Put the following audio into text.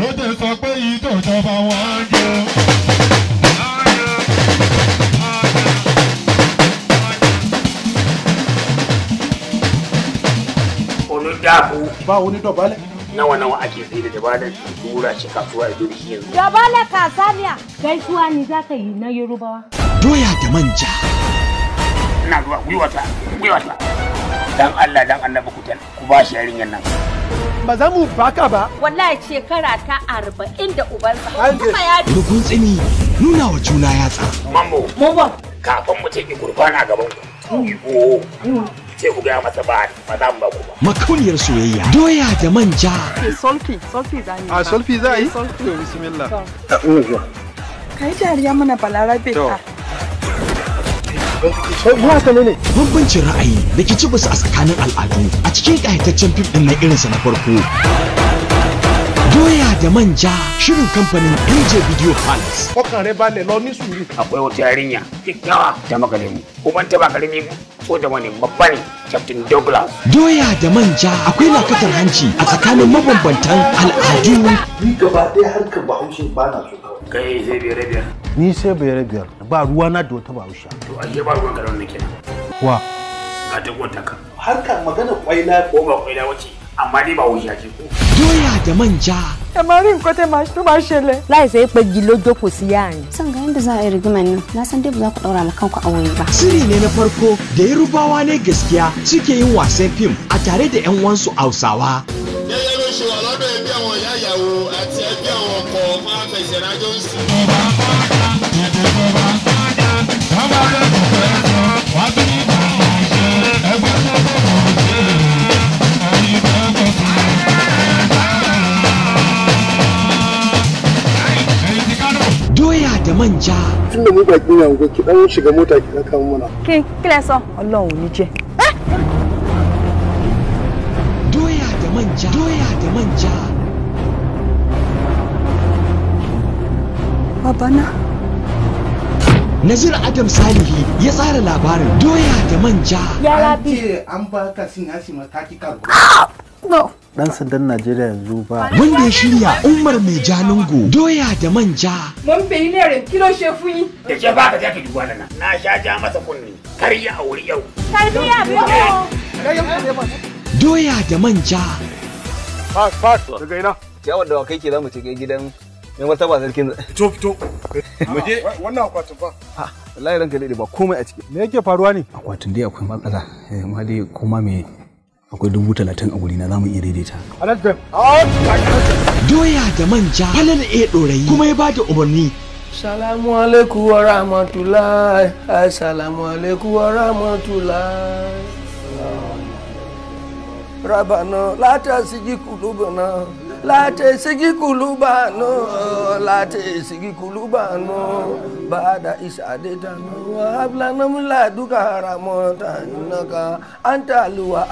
ó tẹ̀ sọ pé yìí tó jọba wọn jẹun. ba wani dabale nawa nawa ake sai da dabale su tura shi kasuwa ido shi yanzu dabale kasaniya gaisuwa ne za ka yi na yorubawa doya da manja ina zuwa gwiwata gwiwata dan Allah dan annabi ku ku ba shi yarinyar nan ba za mu baka ba wallahi shekara ta 40 da uban sa kuma ya rukun tsini nuna wa juna ya tsa mambo mambo ba kafin mu take gurbana gaban ku ko ce ku mm. ga masa ba ba za mu ba ku ba makuniyar soyayya doya da manja eh, solfi solfi za ni a solfi za yi eh, to bismillah kai dariya mana balarabe ka ne bambancin ra'ayi da kici a tsakanin al'adu a cikin ƙayataccen fim ɗin na irinsa na farko Doya da manja shirin kamfanin MJ Video Palace. Kwakan rai ba lọ ni suru. Akwai wata yarinya kikawa ta maka lemu. Uban ta ba ni ko da wani babba ne Captain Douglas. Doya da manja akwai lakatar hanci a tsakanin mabambantan al'adu. Ni gaba ɗaya harkar Bahaushe ba na so kawai. Kai sai biyar biyar. Ni sai biyar biyar ba ruwa na da wata Bahaushe. To ashe ba ruwan garin nake. Wa. Ga ta gwata ka. Harkar magana kwaila ko ba kwaila wace. àmọ́ ba báwo ṣe ko. dóyà àjẹmọ́njà. ẹ máa rí nǹkan tẹ máa ma máa ṣẹlẹ̀. láìsẹ̀ pé gi ló jókòó sí yarin. san ga yadda za a yi rigimar nan na san dai ba za ku ɗaura ma kanku a wani ba. sirri ne na farko da yarubawa ne gaskiya suke yin wasan fim a tare da 'yan wansu hausawa. gẹ́gẹ́ bó ṣe wà lọ́dọ̀ ẹbí àwọn ìyá ìyàwó àti ẹbí àwọn ọkọ máa fẹsẹ̀ rájọ́ manja. Tun da mu baki na unguwa ki dan shiga mota ki kawo muna. Ki kila so Ọlọ́run ni ce. Eh! Doya da manja. Doya da manja. Babana. Nazir Adam Salihi ya tsara labarin doya da manja. Ya rabi. An ce an baka sin asima ta ki ah! No. dan sandan Najeriya yanzu ba. Wanda ya shirya Umar Mai Jalingo doya da manja. Mun bayi ne kilo yi. Da ke ba ka zaka duba nan. Na sha ja masa kunni. Kar ya aure yau. Tarbiya ba. Doya da manja. Pas pas. daga ina. wanda da kai ke zamu ci gidan mai martaba sarkin. To to. Mu je ah, wannan akwatin ba. Ah, wallahi ranka dai ba komai a ciki. Me yake faruwa ne? Akwatin dai akwai matsala. Eh, ma dai kuma me akwai dubu talatin a gurina za mu iya daidaita. Doya da manja halin iya e ɗorayi kuma ya ba da umarni. Salamu alaikum wa rahmatullahi, ai salamu alaikum wa rahmatullahi. Rabana, la sigi kulubana, la sigi kulubana lati sigi kulubano bada isadetano wa hablanam la duka ramotanaka anta luwa